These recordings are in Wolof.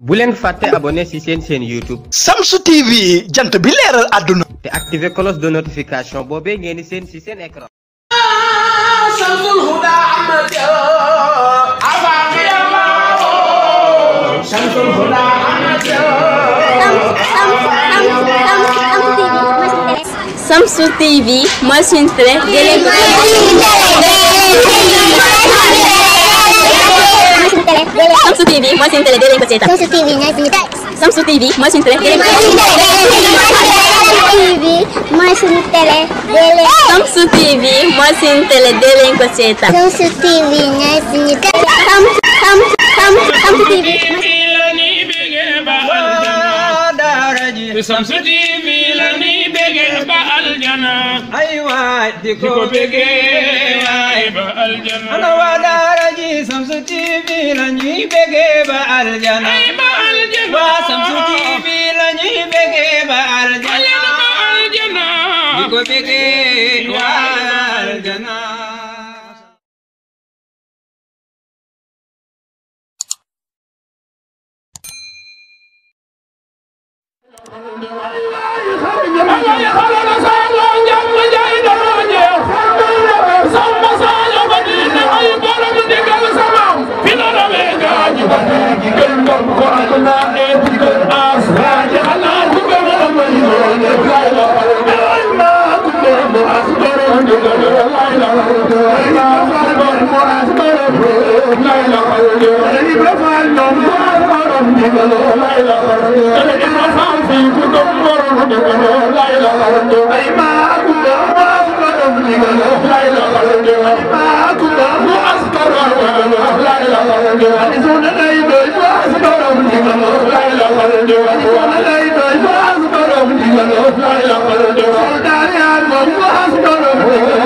bu len faté abonné ci sen sen YouTube Samsung TV jant bi leral aduna té activer cloche de notification bobé ngeen sen ci sen écran samsul huda ahmad afaaqi Allah samsul huda ahmad Samsung TV mooy suñu télé. Samsu TV mooy suñu Samsu TV ñooy suñu Samsu TV mooy شمس تيبي لني بقي بأرجنا وشمس تيبي لني بقي بأرجنا بقي بقي بأرجنا الله يخرج الله يخرج لا اله الا الله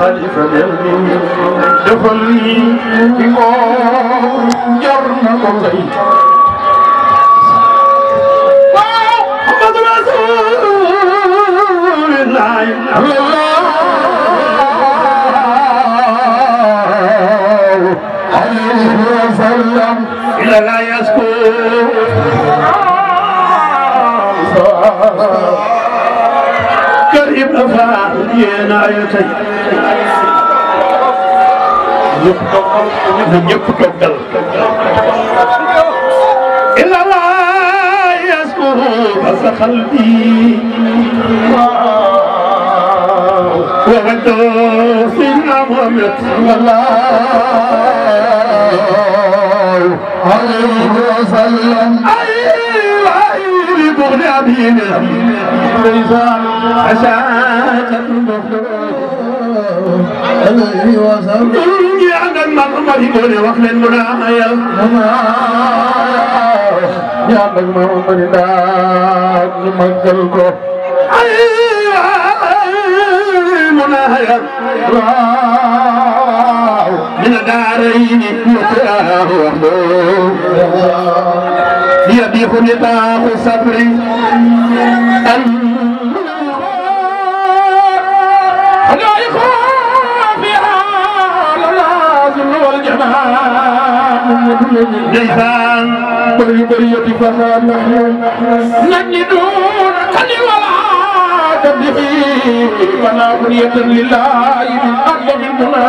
خليف دفن في قوم جرنا قضيت nee na ayo tey ñëpp toog na ñëpp toog dal. ila la yasmuru basa qalbi wa wado sidna Muhammad sallallahu alayhi wa sallam ay ay li bugni abi الوصال أسعادة الذي وصل يا من مرمر يقول وقل المنايا يا من مرمر لا نمثلكم منايا من دارين متاه يبيح نطاق صبري أن ndeysaan bëri bëri yëti faxa nag ñi doon kali wala تبدي فلا بنية لله من أرض من هنا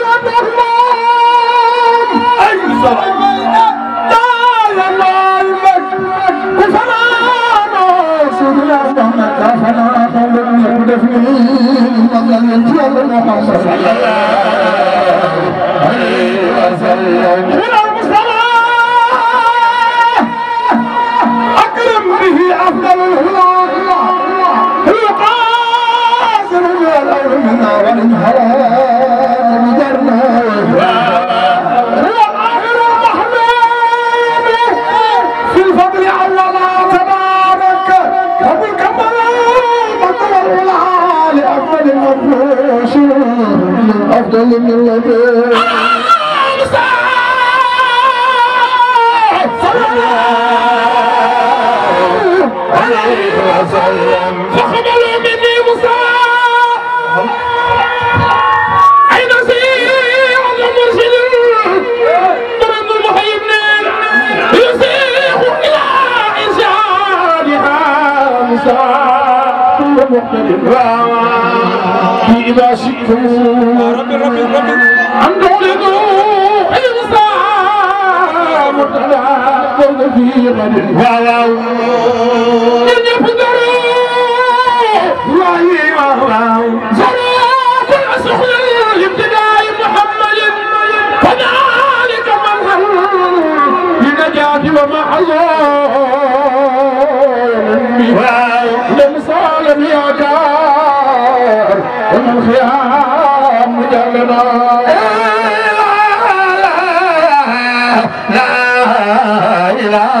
Hello. تلي من الغفير عليه وسلم فاقبلوا مني موسى اين سيح المرشد مرد المحيي بن يسيح الى انشاء بها موسى محترم إذا شئتم ربي ربي ربي أن تولدوا عيسى مرتدى كون في غد وعلى من يبدري الله الله زرع كل سحر لابتداء محمد فذلك منهل لنجاة ومحل من لا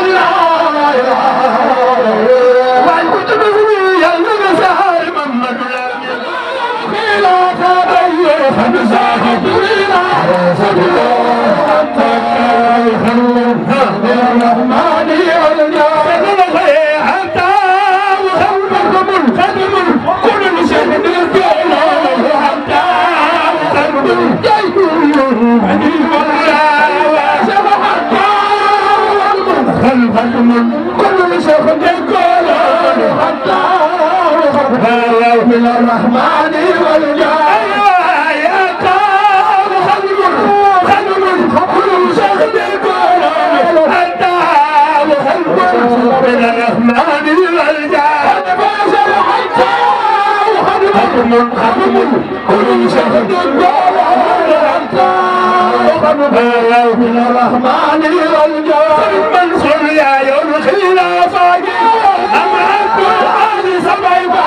الرحمن الرحمن والجاه أيوة يا قوم خدمر خدمر خدمر شغلكم أنت خدمر من الرحمن والجاه خدمر خدمر كل شهد الرحمن والجاه المنصور يا يرخي لا فاقر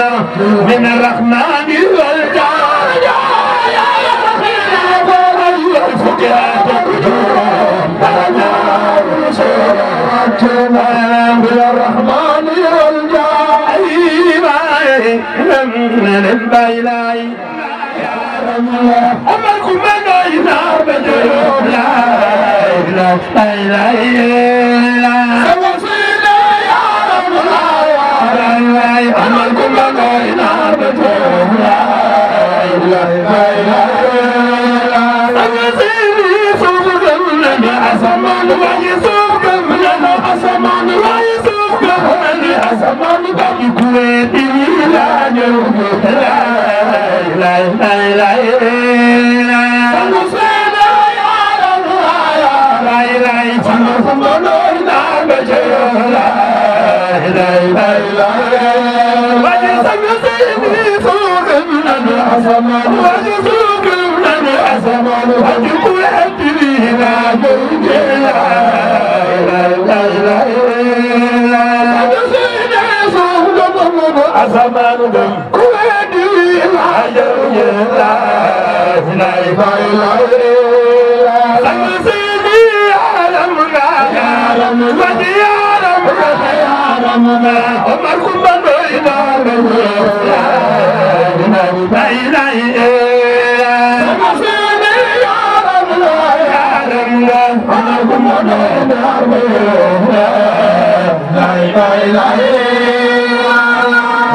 القدر من الرحمن والجار الرحمن والجار أمركم من أين أبدوا لا إله إلا الله أمركم Asamaan waaye suuf ga la la la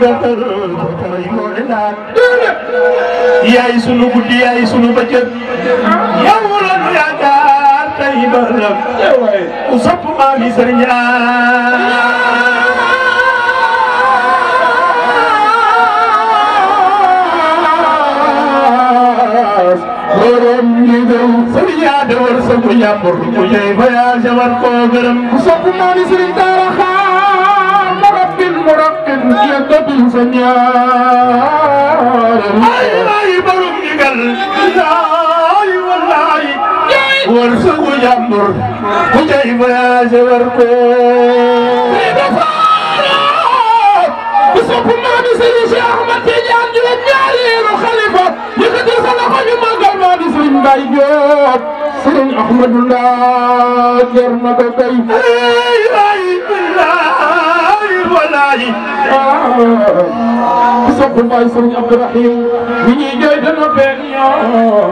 gàttal ba taray moo di naan yaay sunu guddi yaay sunu bëccëg yow la nu yaakaar tey ba ëllëg ku sopp maa mi sëriñ Sëriñ yaa dawal sa bu yàmbur bu ñëw voyage war koo gërëm ku sopp maa mi sëriñ Daara xaar مرقب جد بالفنيار اي راي بروم نيغال لاي والله ورسو جامبر وجاي بيا جوركو بسم الله سيدي شيخ احمد تيجان جوج ñaareelu xalifa yëkkati sa loxo ñu màggal maa di sëriñ Mbaye Diop sëriñ Ahmadou Ndaa jar na ko kay ay ay walaay bi sopp baay sëriñ Abdourahim ñi ñuy jooy dana benn yoon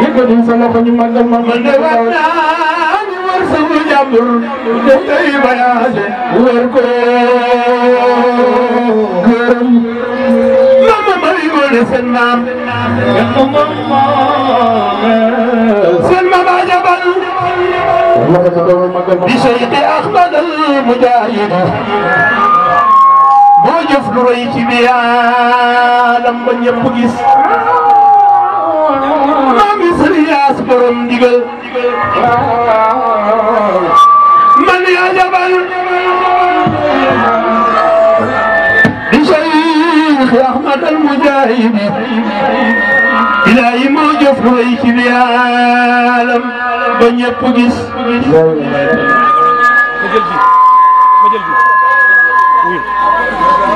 yëkkati sa loxo ñu màggal ma ma ne war naa ñu war suñu jàmbur def day voyage war ko gërëm mama may wone seen naam بسيد أحمد المجاهد moo jëf lu rëy ci biyaalam ba ñëpp gis maa ngi sëriyaas borom ndigal man yaa jabal di Cheikh Ahmad al Mujahid ilaahi def roy ci bialam ba ñëpp gis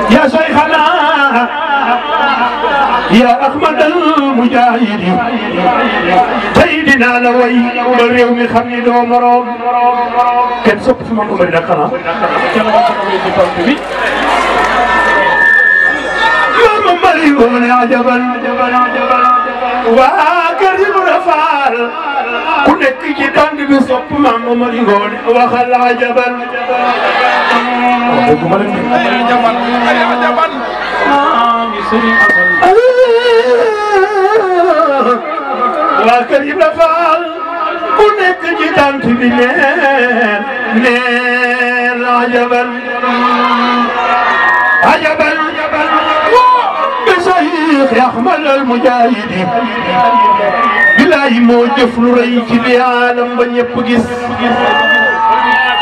يا شيخنا يا احمد المجاهد سيدنا لوي بالريوم خمي دو مروم كان سوق سمان عمر دقنا يا ممالي عجبا عجبا عجبا karim rafaal ku nekk ci tànn bi sopp maam Mamadi Ngoone waxal la jabal waa karim rafaal ku nekk ci tànn bi neen neen la jabal la jabal rahman al mujahidin bilaay moo jëf lu rëy ci li alam ba ñëpp gis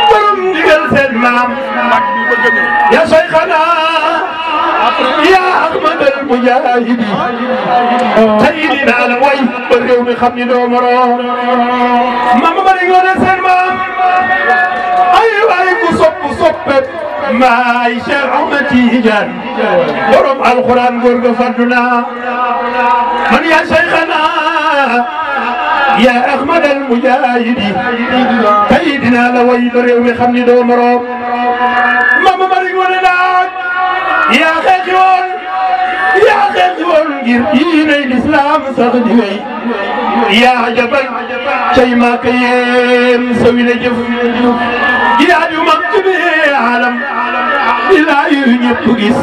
borom ndigal seen maam ya soy xanaa ya ahmad al mujahidin tey nii naa la way ba réew mi xam ni doo moroom maam ma bari ngoo ne seen maam ay waay ku sopp soppe ما يشرع متيجا ورب القرآن قرق فردنا من يا شيخنا يا أحمد المجاهد سيدنا لويد ريوم خمني دوم روم ماما مريق ولناك يا خيخيون يا خيخيون قرقين الإسلام صغدوي يا عجبا شيء ما كيم سوي لجف يا جو مكتبه عالم billaay yu ñëpp gis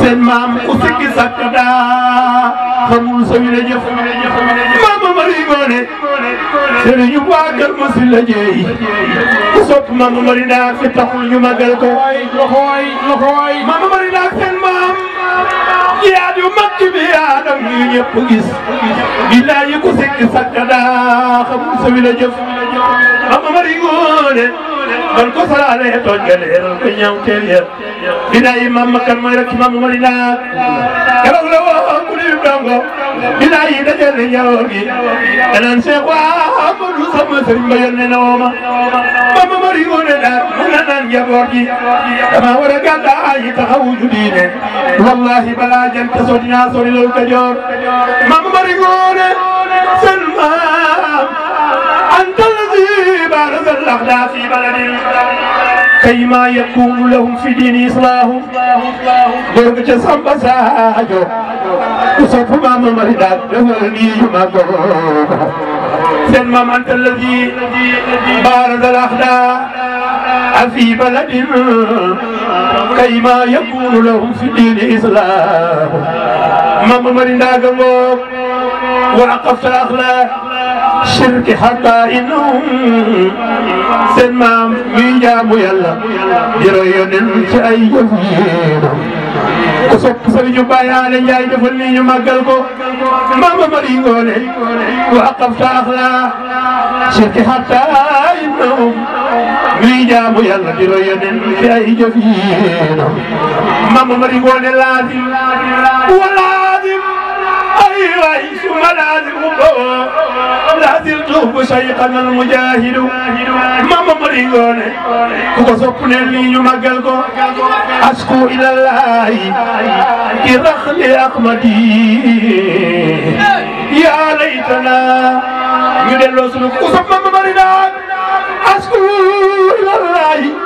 seen maam ku sikki sàkk daa xamul sooy la jëf maama mari ngoone sëriñu waa kër mosul la jeey ku sopp maama mari ndaak fi taxul ñu magal ko loxooy loxooy maama mari ndaak seen maam jiyaat yu mag ci biir aadam yu ñëpp gis billaay ku sikki sàkk daa xamul sooy la jëf maama mari ngoone man ko faraale tooñ nga leeral ko ñaaw teel ya bina imam makkan mooy rek imam marina karaw la woo ku li dongo bina yi dajal ne ñaaw gi a cheikh wa amadou sama sëriñ ba yónne na wooma mama mari ngone daal mun na naan njaboot gi dama war a gàddaa yi taxawu ju diine wallahi balaa jant so dinaa sori loolu ka joor mama mari الأغلى في بلد كيما يكون لهم في دين إصلاح برد جسم بساجو وصف ما ممردات دولني يمدو سلم أنت الذي بارد الأغلى في بلد كيما يكون لهم في دين إصلاح ما ممردات وعقبت أخلاق شرك حتى إنهم سنمام ميجام يلا جريون في أي ko sopp sëriñu Baye Alé Ndiaye defal nii ñu màggal ko mama mari ngoone wa aqafta axla shirki hatta innahum mi jaamu yàlla di roy yonen fi ay jëf yi mama mari ngoone laasim wala واي ثم لازم قوى لازم الطوب شيخنا المجاهد ما ممريون كوكو سوبنا لي مغلغو اشكو الى الله كرخل احمدي يا ليتنا يدلو سنو كوسب ما مرينا اشكو الى الله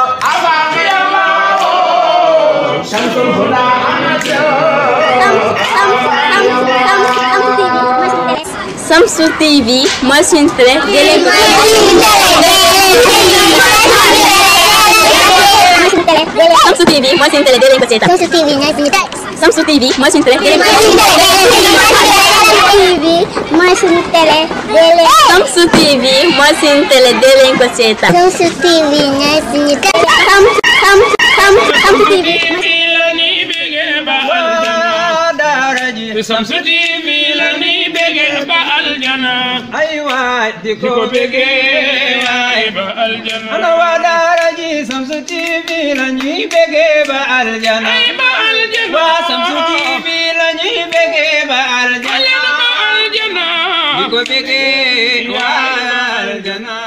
شمس الهدى Samsu TV mooy suñu télé Samsu TV mooy suñu télé dee TV mooy suñu télé Come, come, come to TV. Sam City Vilani bege ba aljana aywa diko bege ba aljana ana wadara ji Sam City Vilani bege ba aljana ay ba aljana wa Sam City bege ba aljana aljana